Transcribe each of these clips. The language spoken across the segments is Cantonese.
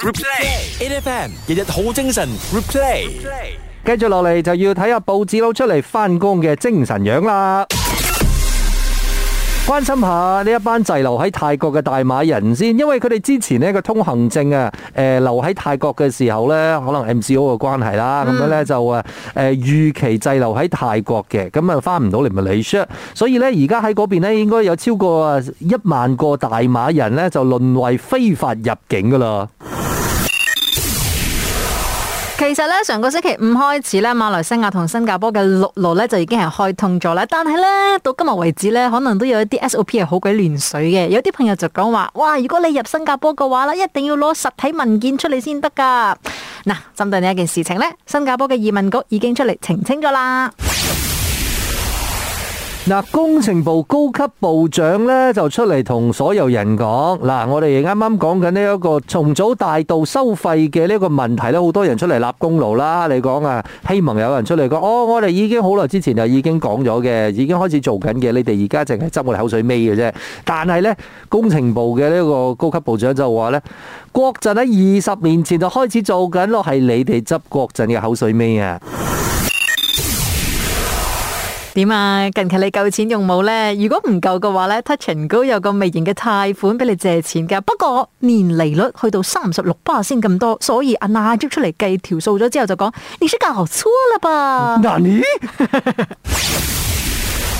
Replay，A F M，日日好精神。Replay，繼續落嚟就要睇下報紙攞出嚟翻工嘅精神樣啦。關心下呢一班滯留喺泰國嘅大馬人先，因為佢哋之前咧個通行證啊，誒留喺泰國嘅時候咧，可能 M C O 嘅關係啦，咁樣咧就誒誒預期滯留喺泰國嘅，咁啊翻唔到嚟咪馬來西亞，所以咧而家喺嗰邊咧應該有超過一萬個大馬人咧就淪為非法入境噶啦。其實咧，上個星期五開始咧，馬來西亞同新加坡嘅陸路咧就已經係開通咗啦。但係咧，到今日為止咧，可能都有一啲 SOP 係好鬼亂水嘅。有啲朋友就講話：哇，如果你入新加坡嘅話咧，一定要攞實體文件出嚟先得噶。嗱，針對呢一件事情咧，新加坡嘅移民局已經出嚟澄清咗啦。嗱，工程部高級部長咧就出嚟同所有人講，嗱、啊，我哋啱啱講緊呢一個重組大道收費嘅呢個問題咧，好多人出嚟立功勞啦，你講啊，希望有人出嚟講，哦，我哋已經好耐之前就已經講咗嘅，已經開始做緊嘅，你哋而家淨係執我哋口水尾嘅啫。但係呢，工程部嘅呢個高級部長就話呢，國陣喺二十年前就開始做緊咯，係你哋執國陣嘅口水尾啊。點啊？近期你夠錢用冇呢？如果唔夠嘅話呢，Touch 'n Go 有個微型嘅貸款俾你借錢㗎。不過年利率去到三十六巴仙咁多，所以阿娜捉出嚟計條數咗之後就講：你是搞錯啦吧？哪裡」嗱你。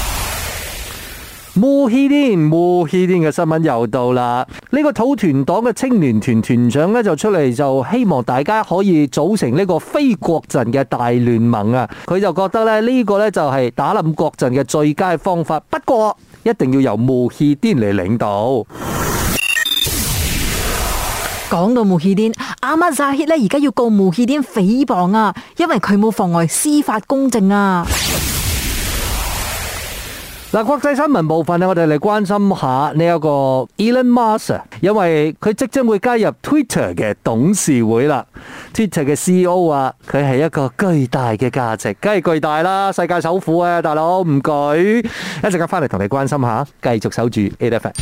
穆希丁，穆希丁嘅新聞又到啦！呢個土團黨嘅青年團團長咧就出嚟，就希望大家可以組成呢個非國陣嘅大聯盟啊！佢就覺得咧呢個咧就係打冧國陣嘅最佳方法，不過一定要由穆希丁嚟領導。講到穆希丁，阿末扎希咧而家要告穆希丁誹謗啊，因為佢冇妨礙司法公正啊！嗱，國際新聞部分咧，我哋嚟關心下呢一個 Elon Musk，因為佢即將會加入 Twitter 嘅董事會啦。Twitter 嘅 CEO 啊，佢係一個巨大嘅價值，梗係巨大啦，世界首富啊，大佬唔舉，一陣間翻嚟同你關心下，繼續守住 Adefaat。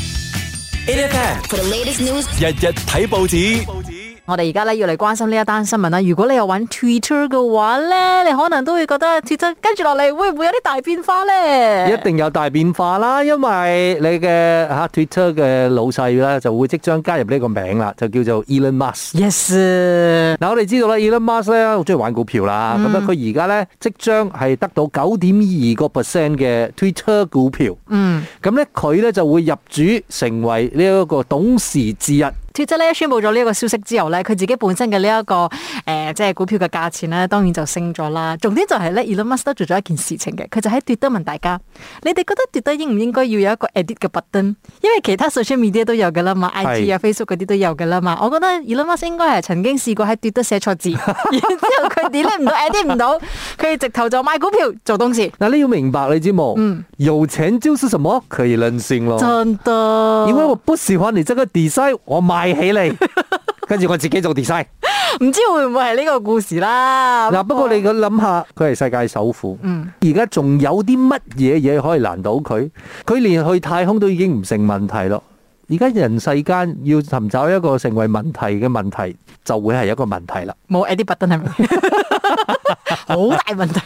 Adefaat for the latest news。日日睇報紙。報紙我哋而家咧要嚟關心呢一單新聞啦。如果你有玩 Twitter 嘅話咧，你可能都會覺得 Twitter 跟住落嚟會唔會有啲大變化咧？一定有大變化啦，因為你嘅吓、啊、Twitter 嘅老細啦，就會即將加入呢個名啦，就叫做 Elon Musk。Yes，嗱、嗯、我哋知道啦，Elon Musk 咧好中意玩股票啦。咁、嗯、啊，佢而家咧即將係得到九點二個 percent 嘅 Twitter 股票。嗯，咁咧佢咧就會入主，成為呢一個董事之一。然之後咧，宣布咗呢一個消息之後咧，佢自己本身嘅呢一個、呃、即股票嘅價錢咧，當然就升咗啦。重點就係咧，Elon Musk 做咗一件事情嘅，佢就喺跌得問大家：你哋覺得跌得應唔應該要有一個 edit 嘅 button？因為其他 social media 都有嘅啦嘛，IG 啊、Facebook 嗰啲都有嘅啦嘛。我覺得 Elon Musk 應該係曾經試過喺跌得寫錯字， 然之後佢點都唔到 edit 唔到，佢 直頭就賣股票做東事。嗱，你要明白你知冇？嗯，有錢就是什麼？可以任性咯！真的，因為我不喜歡你這個 design 我買起嚟，跟住我自己做 design，唔知會唔會係呢個故事啦。嗱，不過你佢諗下，佢係世界首富，嗯，而家仲有啲乜嘢嘢可以難倒佢？佢連去太空都已經唔成問題咯。而家人世間要尋找一個成為問題嘅問題，就會係一個問題啦。冇 any button 係咪？好 大問題。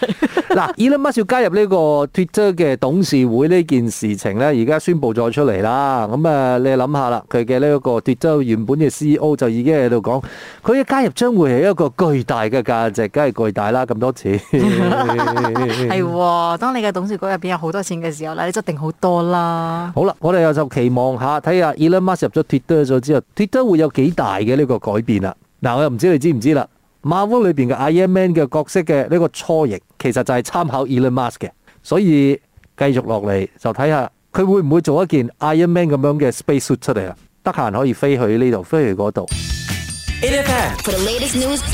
嗱 ，Elon Musk 要加入呢個 Twitter 嘅董事會呢件事情呢，而家宣布咗出嚟啦。咁啊，你諗下啦，佢嘅呢個 Twitter 原本嘅 CEO 就已經喺度講，佢嘅加入將會係一個巨大嘅價值，梗係巨大啦。咁多錢係 當你嘅董事局入邊有好多錢嘅時候啦，你就定好多啦。好啦，我哋又就期望下睇下 Elon Musk 入咗 Twitter 咗之後，Twitter 會有幾大嘅呢個改變啦。嗱，我又唔知你知唔知啦。Marvel 裏面嘅 Iron Man 嘅角色嘅呢個初形，其實就係參考 Elon Musk 嘅，所以繼續落嚟就睇下佢會唔會做一件 Iron Man 咁樣嘅 space suit 出嚟啦。得閒可以飛去呢度，飛去嗰度。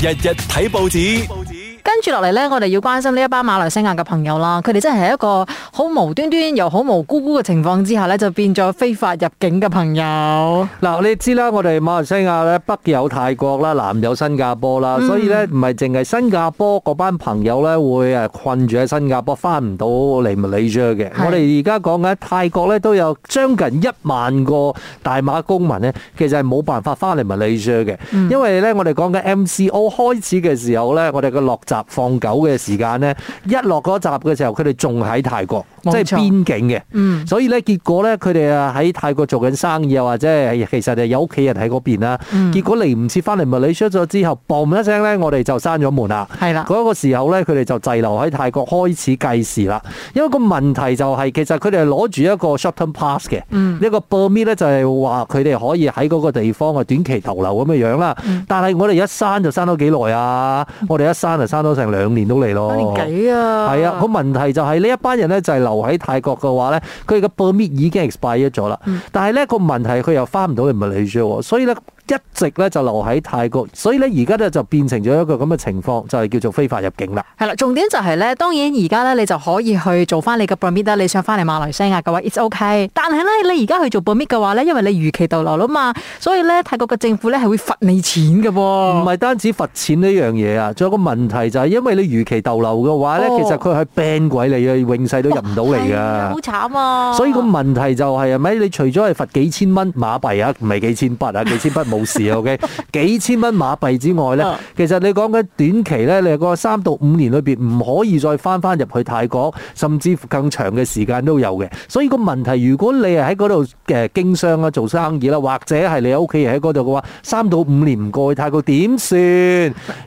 日日睇報紙。跟住落嚟咧，我哋要關心呢一班馬來西亞嘅朋友啦，佢哋真係一個好無端端又好無辜辜嘅情況之下咧，就變咗非法入境嘅朋友。嗱，你知啦，我哋馬來西亞咧，北有泰國啦，南有新加坡啦，所以咧唔係淨係新加坡班朋友咧會誒困住喺新加坡翻唔到嚟 Malaysia 嘅。我哋而家講緊泰國咧都有將近一萬個大馬公民咧，其實係冇辦法翻嚟 Malaysia 嘅，因為咧我哋講緊 MCO 開始嘅時候咧，我哋嘅落閘。放狗嘅時間呢，一落嗰集嘅時候，佢哋仲喺泰國，即係邊境嘅、嗯。所以呢，結果呢，佢哋啊喺泰國做緊生意，又或者其實誒有屋企人喺嗰邊啦。嗯，結果嚟唔切翻嚟，唔理出咗之後，嘣一聲呢，我哋就閂咗門啦。係啦，嗰、那個時候呢，佢哋就滯留喺泰國開始計時啦。因為個問題就係、是，其實佢哋係攞住一個 shorten pass 嘅，呢、嗯、個 permit 就係話佢哋可以喺嗰個地方啊短期逗留咁嘅樣啦、嗯。但係我哋一閂就閂咗幾耐啊！我哋一閂就閂咗都成兩年都嚟咯，年幾啊，係啊，個問題就係呢一班人咧就係留喺泰國嘅話咧，佢哋嘅 permit 已經 expired 咗啦，但係咧個問題佢又翻唔到嚟唔嚟啫，所以咧。一直咧就留喺泰國，所以咧而家咧就變成咗一個咁嘅情況，就係叫做非法入境啦。係啦，重點就係、是、咧，當然而家咧你就可以去做翻你嘅 permit 啊，你想翻嚟馬來西亞嘅話，it's ok。但係咧你而家去做 permit 嘅話咧，因為你逾期逗留啦嘛，所以咧泰國嘅政府咧係會罰你錢嘅噃。唔係單止罰錢呢樣嘢啊，仲有個問題就係因為你逾期逗留嘅話咧、哦，其實佢係病鬼嚟嘅，永世都入唔到嚟嘅。好慘啊！所以個問題就係係咪？你除咗係罰幾千蚊馬幣啊，唔係幾千筆啊，幾千筆冇。 冇 幾千蚊馬幣之外呢，其實你講緊短期呢，你個三到五年裏邊唔可以再翻翻入去泰國，甚至乎更長嘅時間都有嘅。所以個問題，如果你係喺嗰度誒經商啊、做生意啦，或者係你屋企人喺嗰度嘅話，三到五年唔過去泰國點算？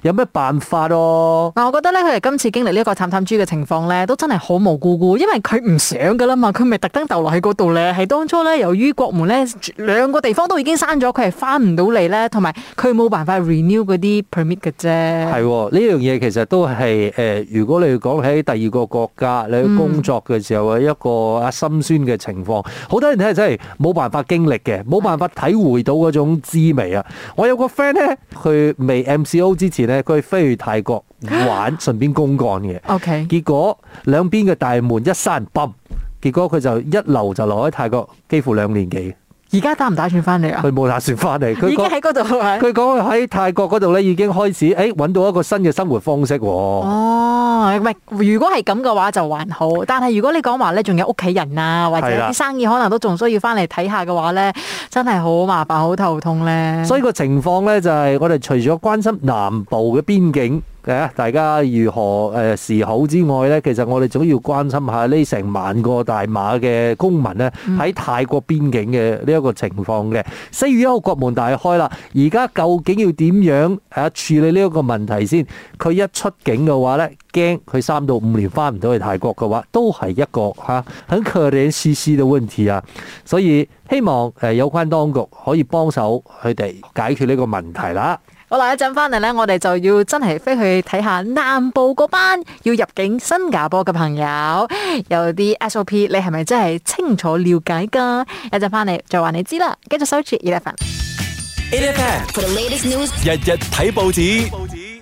有咩辦法咯？嗱， 我覺得呢，佢哋今次經歷呢一個探探豬嘅情況呢，都真係好無辜辜，因為佢唔想噶啦嘛，佢咪特登逗留喺嗰度呢。係當初呢，由於國門呢兩個地方都已經閂咗，佢係翻唔到。到嚟咧，同埋佢冇辦法 renew 嗰啲 permit 嘅啫。係喎，呢樣嘢其實都係誒、呃，如果你講喺第二個國家你去工作嘅時候、嗯、一個啊心酸嘅情況，好多人真係冇辦法經歷嘅，冇辦法體會到嗰種滋味啊！我有個 friend 咧，佢未 MCO 之前咧，佢飛去泰國玩， 順便公幹嘅。OK，結果兩邊嘅大門一閂，嘣！結果佢就一留就留喺泰國幾乎兩年幾。而家打唔打算翻嚟啊？佢冇打算翻嚟，佢已經喺嗰度。佢講喺泰國嗰度咧，已經開始誒揾、欸、到一個新嘅生活方式喎、啊。哦，唔係，如果係咁嘅話就還好，但係如果你講話咧，仲有屋企人啊，或者啲生意可能都仲需要翻嚟睇下嘅話咧，真係好麻煩，好頭痛咧。所以個情況咧就係，我哋除咗關心南部嘅邊境。大家如何誒事好之外呢？其實我哋仲要關心下呢成萬個大馬嘅公民呢，喺泰國邊境嘅呢一個情況嘅。四月一號國門大開啦，而家究竟要點樣誒處理呢一個問題先？佢一出境嘅話呢，驚佢三到五年翻唔到去泰國嘅話，都係一個嚇很可憐兮兮嘅問題啊！所以希望有關當局可以幫手佢哋解決呢個問題啦。我嚟一陣翻嚟咧，我哋就要真係飛去睇下南部嗰班要入境新加坡嘅朋友，有啲 SOP，你係咪真係清楚了解噶？一陣翻嚟就話你知啦，繼續收住 eleven，eleven for the latest news，日日睇報紙。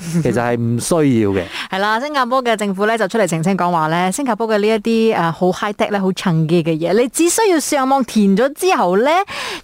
其實係唔需要嘅，係啦，新加坡嘅政府咧就出嚟澄清講話咧，新加坡嘅呢一啲誒好 high tech 咧、好趁機嘅嘢，你只需要上網填咗之後咧，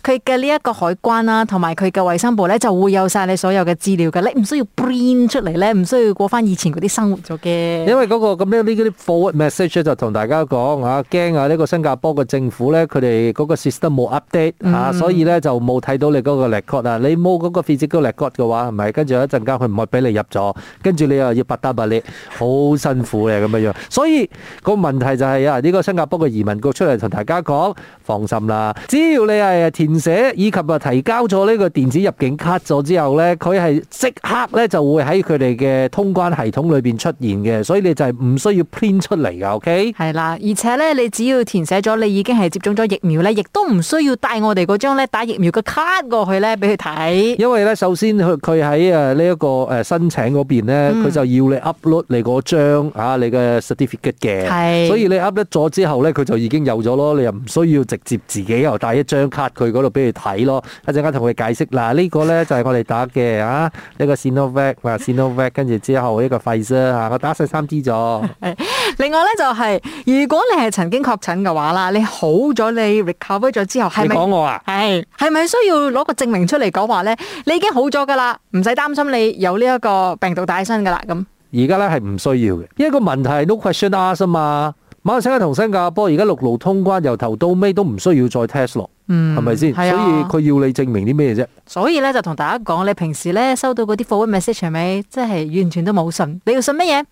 佢嘅呢一個海關啦，同埋佢嘅衞生部咧就會有晒你所有嘅資料嘅，你唔需要 print 出嚟咧，唔需要過翻以前嗰啲生活咗嘅。因為嗰、那個咁呢啲 forward message 就同大家講啊，驚啊！呢個新加坡嘅政府咧，佢哋嗰個 system 冇 update 嚇、嗯，所以咧就冇睇到你嗰個 record 啊，你冇嗰個 physical record 嘅話，係咪？跟住一陣間佢唔會俾你入。咗，跟住你又要百打百你好辛苦嘅咁樣樣。所以個問題就係、是、啊、呢、這個新加坡嘅移民局出嚟同大家講，放心啦，只要你係填寫以及啊提交咗呢個電子入境卡咗之後咧，佢係即刻咧就會喺佢哋嘅通關系統裏邊出現嘅，所以你就係唔需要 print 出嚟嘅。OK，係啦，而且咧，你只要填寫咗，你已經係接種咗疫苗咧，亦都唔需要帶我哋嗰張咧打疫苗嘅卡過去咧俾佢睇。因為咧，首先佢佢喺誒呢一個誒新。請嗰邊咧，佢就要你 upload 你嗰張你嘅 certificate 嘅，所以你 upload 咗之後咧，佢就已經有咗咯，你又唔需要直接自己又帶一張卡佢嗰度俾佢睇咯。一陣間同佢解釋嗱，呢個咧就係我哋打嘅啊，呢個 Sinovac 咪 Sinovac，跟住之後一個 Pfizer 嚇，我打晒三 G 咗。 另外咧就係、是、如果你係曾經確診嘅話啦，你好咗你 recover 咗之後係咪？講我啊？係係咪需要攞個證明出嚟講話咧？你已經好咗噶啦，唔使擔心你有呢一個病毒帶身噶啦咁。而家咧係唔需要嘅，因為個問題係 no question ask 嘛。馬來西亞同新加坡而家陸路通關，由頭到尾都唔需要再 test 落。嗯，係咪先？所以佢要你證明啲咩啫？所以咧就同大家講，你平時咧收到嗰啲 forwardmessage 係咪，即係完全都冇信？你要信乜嘢？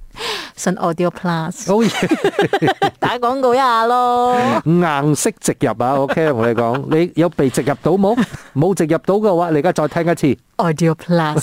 信 Audio Plus，好，打廣告一下咯，硬式植入啊！OK，我同你講，你有被植入到冇？冇植入到嘅話，你而家再聽一次 Audio Plus，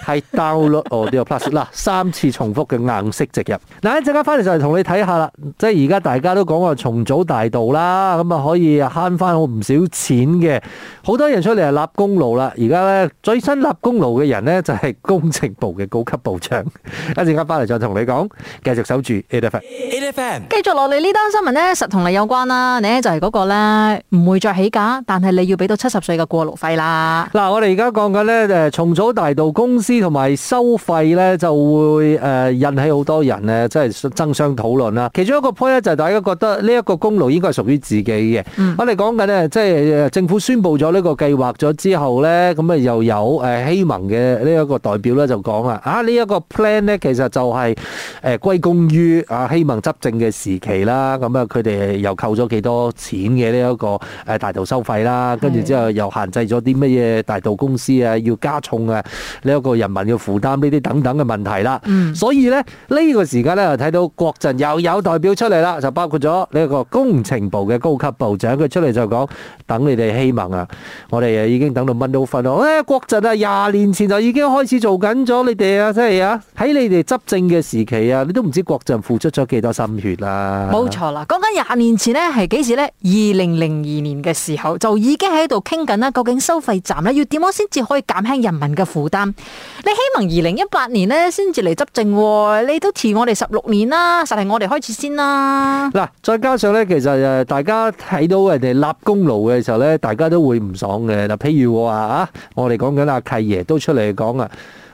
係 downloadAudio Plus 嗱，三次重複嘅硬式植入。嗱，一陣間翻嚟就嚟同你睇下啦，即係而家大家都講話重組大道啦，咁啊可以慳翻好唔？少錢嘅，好多人出嚟係立功勞啦，而家咧最新立功勞嘅人呢，就係、是、工程部嘅高級部長。一陣間翻嚟再同你講，繼續守住 Adefa，Adefa，繼續落嚟呢單新聞呢，實同你有關啦。咧就係嗰個咧唔會再起價，但係你要俾到七十歲嘅過路費啦。嗱，我哋而家講緊咧誒，重組大道公司同埋收費呢，就會誒引起好多人呢，即係爭相討論啦。其中一個 point 呢，就係大家覺得呢一個功勞應該係屬於自己嘅、嗯。我哋講緊呢。即政府宣佈咗呢個計劃咗之後呢，咁啊又有誒希盟嘅呢一個代表呢，就講啦，啊呢一個 plan 咧其實就係誒歸功於阿希盟執政嘅時期啦，咁啊佢哋又扣咗幾多錢嘅呢一個誒大道收費啦，跟住之後又限制咗啲乜嘢大道公司啊要加重啊呢一個人民要負擔呢啲等等嘅問題啦、嗯。所以呢，呢個時間咧睇到國陣又有代表出嚟啦，就包括咗呢個工程部嘅高級部長佢出嚟就講。等你哋希盟啊！我哋啊已經等到蚊都瞓咯。唉，國陣啊，廿年前就已經開始做緊咗你哋啊，真係啊！喺你哋執政嘅時期啊，你都唔知國陣付出咗幾多心血啦。冇錯啦，講緊廿年前咧係幾時咧？二零零二年嘅時候就已經喺度傾緊啦。究竟收費站咧要點樣先至可以減輕人民嘅負擔？你希盟二零一八年咧先至嚟執政，你都遲我哋十六年啦，實係我哋開始先啦。嗱，再加上咧，其實誒大家睇到人哋立功勞嘅時候咧，大家都會唔爽嘅。嗱，譬如我話啊，我哋講緊阿契爺都出嚟講啊，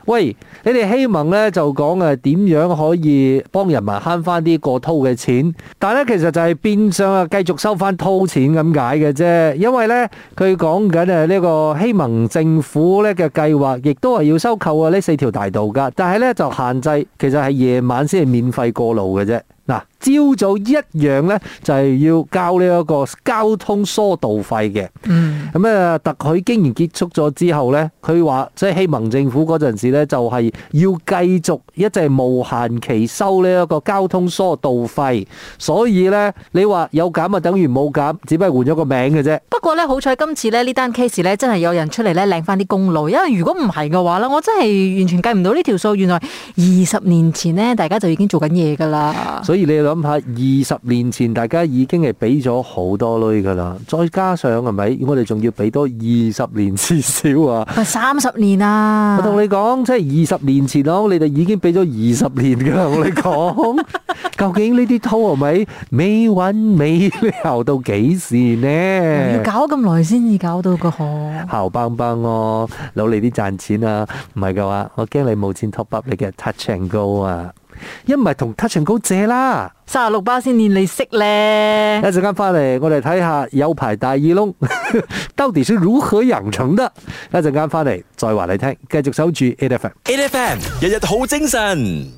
喂，你哋希盟咧就講誒點樣可以幫人民慳翻啲過套嘅錢，但係咧其實就係變相啊繼續收翻套錢咁解嘅啫。因為咧佢講緊呢個希盟政府咧嘅計劃，亦都係要收購啊呢四條大道噶，但係咧就限制，其實係夜晚先係免費過路嘅啫。嗱。朝早一樣呢，就係要交呢一個交通疏導費嘅。嗯。咁啊，特許經營結束咗之後呢，佢話即係希盟政府嗰陣時咧，就係要繼續一直無限期收呢一個交通疏導費。所以呢，你話有減啊，等於冇減，只不過換咗個名嘅啫。不過呢，好彩今次呢，呢單 case 呢，真係有人出嚟呢，領翻啲功勞。因為如果唔係嘅話呢，我真係完全計唔到呢條數。原來二十年前呢，大家就已經做緊嘢㗎啦。所以你諗下二十年前，大家已經係俾咗好多鐳噶啦，再加上係咪？我哋仲要俾多二十年至少啊，三十年啊！我同你講，即係二十年前咯，你哋已經俾咗二十年噶，我同你講， 究竟呢啲 toll 係咪未穩未熬到幾時呢？要搞咁耐先至搞到噶，好后崩崩哦！努力你啲賺錢啊，唔係噶話，我驚你冇錢 top up 你嘅 touch and go 啊！因為跟一唔係同 Touching 高借啦，三十六包先練你識咧。一陣間翻嚟，我哋睇下有排大耳窿，到底是如何養成的？一陣間翻嚟再話你聽，繼續守住 e h A F M A F M 日日好精神。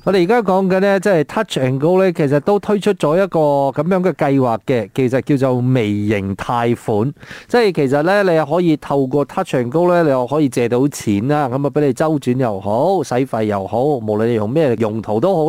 我哋而家講嘅呢，即係 Touching 高咧，其實都推出咗一個咁樣嘅計劃嘅，其實叫做微型貸款，即係其實咧，你可以透過 Touching 高咧，你又可以借到錢啦，咁啊俾你周轉又好，使費又好，無論你用咩用途都好。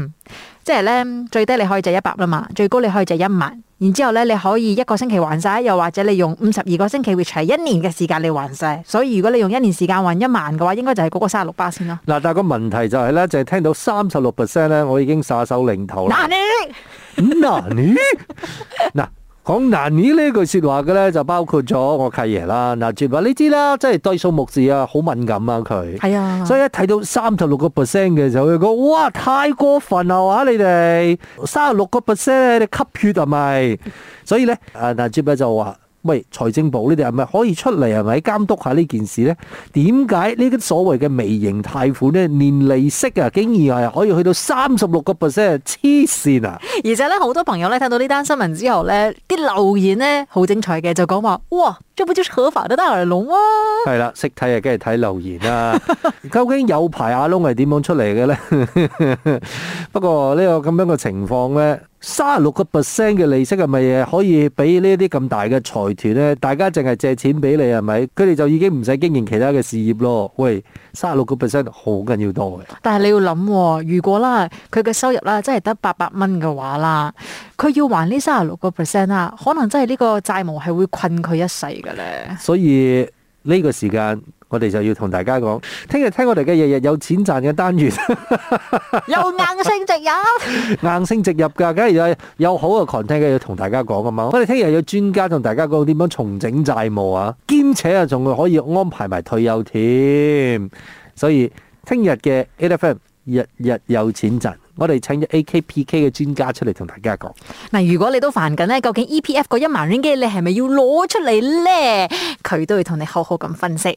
嗯，即係咧最低你可以借一百啦嘛，最高你可以借一萬，然之後咧你可以一個星期還晒，又或者你用五十二個星期，which 係一年嘅時間你還晒。所以如果你用一年時間還一萬嘅話，應該就係嗰個三十六巴仙咯。嗱，但係個問題就係、是、咧，就係聽到三十六 percent 咧，我已經撒手零頭啦。嗱你，嗱 你，嗱。講難以呢句說話嘅咧，就包括咗我契爺啦。嗱，J B 你知啦，即係對數目字啊好敏感啊佢。係啊、哎，所以一睇到三十六個 percent 嘅時候，就會講哇太過分啊！你哋三十六個 percent，你吸血係咪？是是 所以咧，啊，嗱 J B 就話。喂，財政部呢啲係咪可以出嚟係咪監督下呢件事咧？點解呢啲所謂嘅微型貸款咧，年利息啊，竟然係可以去到三十六個 percent 黐線啊！而且咧，好多朋友咧，睇到呢單新聞之後咧，啲留言咧好精彩嘅，就講話哇，這不就是合法的大耳窿嗎？係啦，識睇啊，梗係睇留言呀、啊。 究竟有排阿窿係點樣出嚟嘅咧？ 不過呢個咁樣嘅情況咧。三十六個 percent 嘅利息係咪可以俾呢啲咁大嘅財團咧？大家淨係借錢俾你係咪？佢哋就已經唔使經營其他嘅事業咯。喂，三十六個 percent 好緊要多嘅。但係你要諗，如果啦佢嘅收入啦真係得八百蚊嘅話啦，佢要還呢三十六個 percent 啦，可能真係呢個債務係會困佢一世嘅咧。所以呢個時間。我哋就要同大家講，聽日聽我哋嘅日日有錢賺嘅單元 ，有硬性植入， 硬性植入噶，梗係有好嘅 content 要同大家講噶嘛。我哋聽日有專家同大家講點樣重整債務啊，兼且啊仲會可以安排埋退休添。所以聽日嘅 A F M 日日有錢賺，我哋請咗 A K P K 嘅專家出嚟同大家講。嗱，如果你都煩緊咧，究竟 E P F 嗰一萬零幾，你係咪要攞出嚟咧？佢都會同你好好咁分析。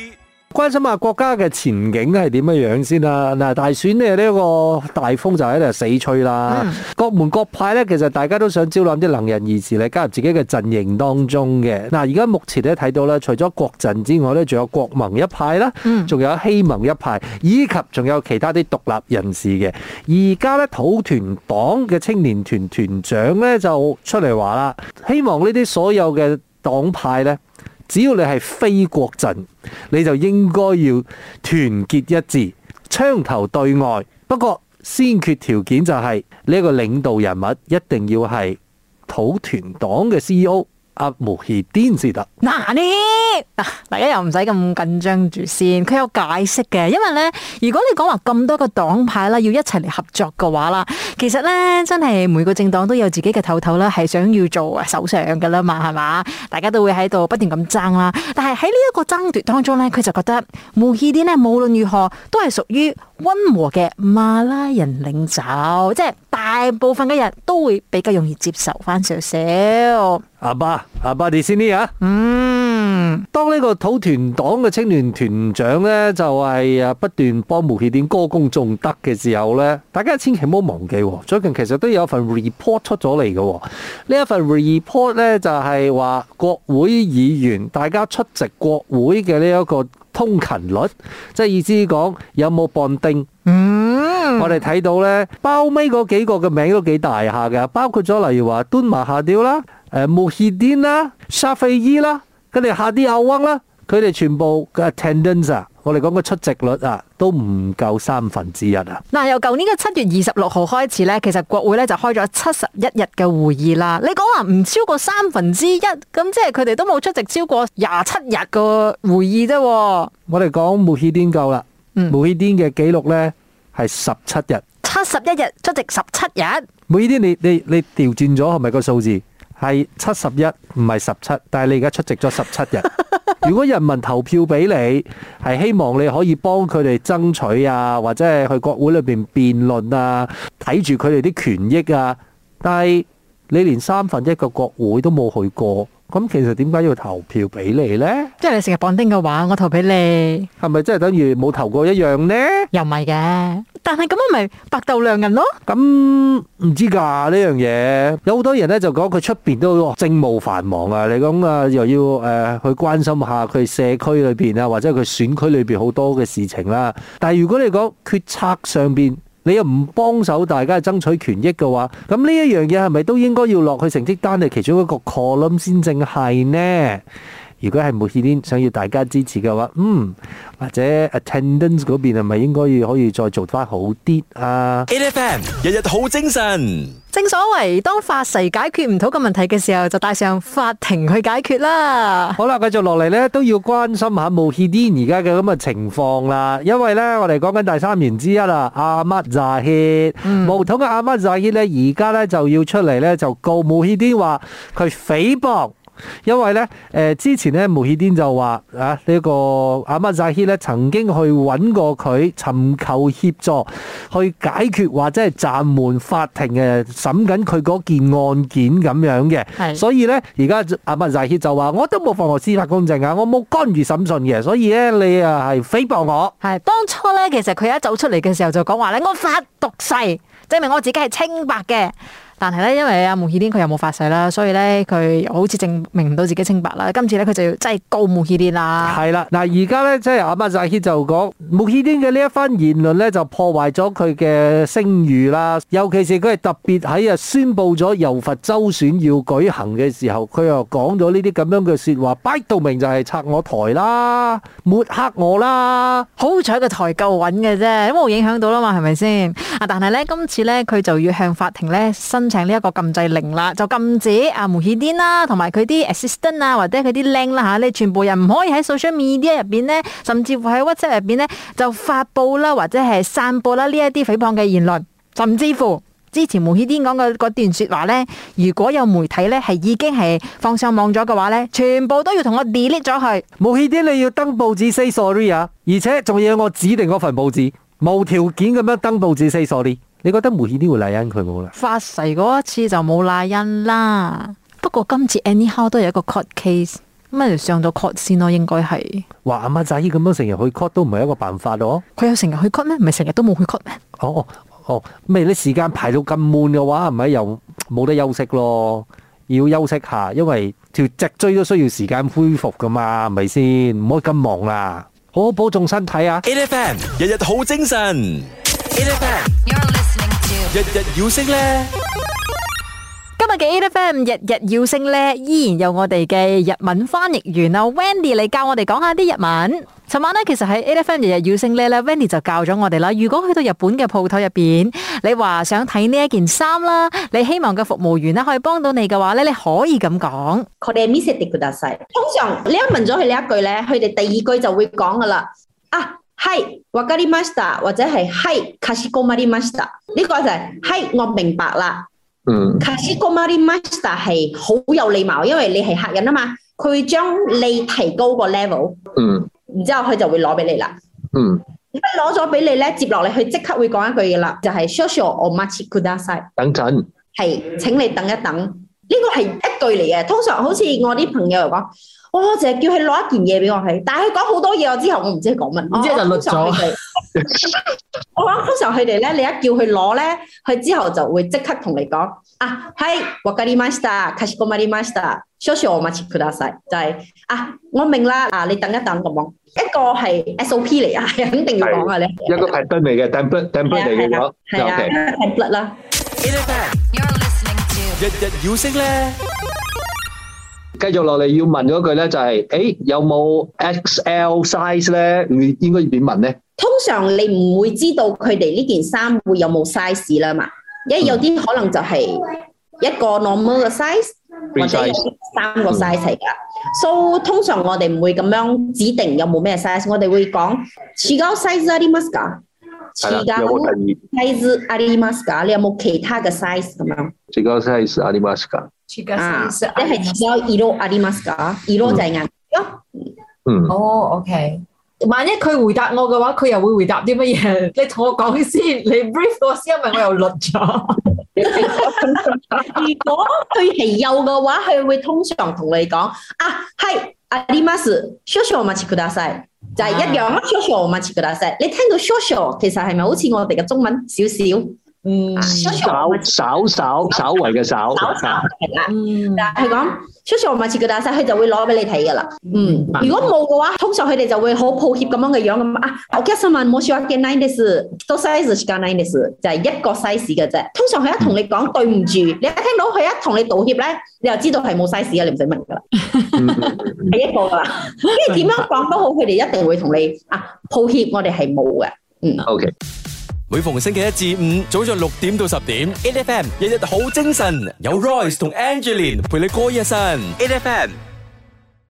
關心下國家嘅前景係點嘅樣先啦。嗱，大選呢呢個大風就喺度死吹啦。各門各派呢，其實大家都想招攬啲能人異士嚟加入自己嘅陣營當中嘅。嗱，而家目前咧睇到呢，除咗國陣之外呢，仲有國盟一派啦，仲有希盟一派，以及仲有其他啲獨立人士嘅。而家呢，土團黨嘅青年團團長呢，就出嚟話啦，希望呢啲所有嘅黨派呢……」只要你係非國陣，你就應該要團結一致，槍頭對外。不過，先決條件就係、是、呢一個領導人物一定要係土團黨嘅 CEO。阿、啊、穆希丁先得嗱呢，嗱，大家又唔使咁緊張住先，佢有解釋嘅，因為咧，如果你講話咁多個黨派啦，要一齊嚟合作嘅話啦，其實咧真係每個政黨都有自己嘅頭頭啦，係想要做首相噶啦嘛，係嘛，大家都會喺度不斷咁爭啦。但係喺呢一個爭奪當中咧，佢就覺得穆希丁呢，無論如何都係屬於溫和嘅馬拉人領袖，即係。大部分嘅人都會比較容易接受翻少少。阿爸，阿爸，你先啲啊。嗯。當呢個土團黨嘅青年團長呢，就係啊不斷幫武器店歌功頌德嘅時候呢，大家千祈唔好忘記。最近其實都有份 report 出咗嚟嘅。呢一份 report 呢，就係話國會議員大家出席國會嘅呢一個通勤率，即係意思講有冇綁定。嗯。 我哋睇到咧，包尾嗰幾個嘅名都幾大下㗎，包括咗例如話敦馬哈迪啦、誒慕尤丁啦、沙斐伊啦、跟住哈迪阿翁啦，佢哋全部嘅 attendance，啊。我哋講個出席率啊，都唔夠三分之一啊。嗱，由舊年嘅七月二十六號開始咧，其實國會咧就開咗七十一日嘅會議啦。你講話唔超過三分之一，咁即係佢哋都冇出席超過廿七日嘅會議啫。我哋講慕尤丁夠啦，慕尤丁嘅記錄咧。係十七日，七十一日出席十七日。每啲你你你調轉咗，係咪個數字係七十一，唔係十七？但係你而家出席咗十七日。如果人民投票俾你，係希望你可以幫佢哋爭取啊，或者係去國會裏邊辯論啊，睇住佢哋啲權益啊。但係你連三分一個國會都冇去過。咁其實點解要投票俾你呢？即係你成日綁定嘅話，我投俾你係咪？即係等於冇投過一樣呢？又唔係嘅，但係咁啊，咪白道良人咯？咁唔知噶呢樣嘢，有好多人呢就講佢出邊都政務繁忙啊，你咁啊又要誒去關心下佢社區裏邊啊，或者佢選區裏邊好多嘅事情啦。但係如果你講決策上邊，你又唔幫手大家去爭取權益嘅話，咁呢一樣嘢係咪都應該要落去成績單嘅其中一個 column 先正係呢？如果係穆罕丁想要大家支持嘅話，嗯，或者 attendance 嗰邊係咪應該要可以再做翻好啲啊？NFM 日日好精神。正所謂，當法誓解決唔到個問題嘅時候，就帶上法庭去解決啦。好啦，繼續落嚟咧，都要關心下穆罕丁而家嘅咁嘅情況啦。因為咧，我哋講緊第三年之一啦，阿麥扎希，巫統嘅阿麥扎希咧，而家咧就要出嚟咧就告穆罕丁話佢誹謗。因為咧，誒，之前咧，毛曉天就話啊，呢、這個阿麥薩希咧，曾經去揾過佢，尋求協助去解決，或者係暫緩法庭嘅審緊佢嗰件案件咁樣嘅。係。所以咧，而家阿麥薩希就話，我都冇妨礙司法公正啊，我冇干預審訊嘅，所以咧，你啊係誹謗我。係，當初咧，其實佢一走出嚟嘅時候就講話咧，我發毒誓，證明我自己係清白嘅。但係咧，因為阿穆許天佢又冇發誓啦，所以咧，佢好似證明唔到自己清白啦。今次咧，佢就要真係告穆許天啦。係啦，嗱，而家咧即係阿麥薩赫就講穆許天嘅呢一番言論咧就破壞咗佢嘅聲譽啦。尤其是佢係特別喺啊宣佈咗柔佛州選要舉行嘅時候，佢又講咗呢啲咁樣嘅説話，擺到明就係拆我台啦，抹黑我啦。好彩個台夠穩嘅啫，都冇影響到啦嘛，係咪先？啊，但係咧，今次咧佢就要向法庭咧申。請呢一個禁制令啦，就禁止啊穆啟堅啦，同埋佢啲 assistant 啊，或者佢啲僆啦吓，呢全部人唔可以喺 social media 入邊呢，甚至乎喺 WhatsApp 入邊呢，就發布啦，或者係散播啦呢一啲誹謗嘅言論，甚至乎之前穆啟堅講嘅嗰段說話呢，如果有媒體呢，係已經係放上網咗嘅話呢，全部都要同我 delete 咗佢。穆啟堅你要登報紙 say sorry 啊，而且仲要我指定嗰份報紙無條件咁樣登報紙 say sorry。你覺得無線啲會賴因佢冇啦？發誓嗰一次就冇賴因啦。不過今次 Anyhow 都有一個 court case，咁咪上咗 court 先咯，應該係。話阿馬仔咁樣成日去 court 都唔係一個辦法咯。佢有成日去 court 咩？唔係成日都冇去 court 咩？哦哦哦，咩、哦、啲時間排到咁悶嘅話，唔係又冇得休息咯，要休息下，因為條脊椎都需要時間恢復噶嘛，係咪先？唔可以咁忙啦，好好保重身體啊！AFM 日日好精神。A F M，日日要升咧！今日嘅 A F M 日日要升咧，依然有我哋嘅日文翻譯員啊，Wendy，你教我哋講下啲日文。尋晚咧，其實喺 A F M 日日要升咧咧，Wendy 就教咗我哋啦。如果去到日本嘅鋪頭入邊，你話想睇呢一件衫啦，你希望個服務員咧可以幫到你嘅話咧，你可以咁講。通常你一問咗佢呢一句咧，佢哋第二句就會講噶啦。啊！係，wakarimashita 或者係係，kashikomarimashita 呢個就係係，我明白啦。嗯。kashikomarimashita 係好有禮貌，因為你係客人啊嘛，佢會將你提高個 level。嗯。嗯。然之後佢就會攞俾你啦。嗯。攞咗俾你咧，接落嚟佢即刻會講一句嘢啦，就係 shoushou omachikudasai，等陣。係，請你等一等。呢、這個係一句嚟嘅，通常好似我啲朋友嚟講我淨係叫佢攞一件嘢俾我睇，但係佢講好多嘢我之後我唔知佢講乜，即係錄咗。我話嗰時候佢哋咧，你一叫佢攞咧，佢之後就會即刻同你講啊，係，分かりました、かしこまりました、少々お待ちください，就係啊，我明啦，啊你等一等咁講，一個係 SOP 嚟啊，肯定要講啊，一個係筆嚟嘅，但筆但筆嚟嘅講，就係筆啦，呢一隻，一一女性咧。繼續落嚟要問嗰句咧、就係，就、欸、係，誒有冇 XL size 咧？你應該要點問咧？通常你唔會知道佢哋呢件衫會有冇 size 啦嘛，因為有啲可能就係一個 normal 嘅 size、嗯、或者三個 size 噶。所、嗯、以、so, 通常我哋唔會咁樣指定有冇咩 size，我哋會講，size 阿啲 mask 啊，size 阿啲 mask r 你有冇其他嘅 size 咁、嗯嗯嗯、樣有有？size 阿啲 mask。你係二攞二攞阿啲 m 二 s k 啊，二攞隻哦，OK。萬一佢回答我嘅話，佢又會回答啲乜嘢？你同我講先，你 brief 我先，因為我又落咗。 如果佢係有嘅話，佢會通常同你講： 啊，係阿啲 mask，少少乜嘢都大細，就係、一樣乜少少乜嘢都大細。你聽到少少，其實係咪好似我哋嘅中文少少？小小嗯，稍、稍、 稍、稍為嘅稍，係啦。但係佢講，通常我唔係似佢大細，佢就會攞俾你睇噶啦。嗯，如果冇嘅話，通常佢哋就會好抱歉咁樣嘅樣咁啊。我 guess 問冇少一件 nine s i s size 就係、是、一個 size 嘅啫。通常佢一同你講對唔住，你一聽到佢一同你道歉咧， 你就知道係冇 size 嘅，你唔使問噶啦，係一個噶啦。跟住點樣講都好，佢哋一定會同你啊抱歉，我哋係冇嘅。嗯，OK。每逢星期一至五，早上六點到十點，N F M 日日好精神，有 Royce 同 Angeline 陪你過一生。N F M。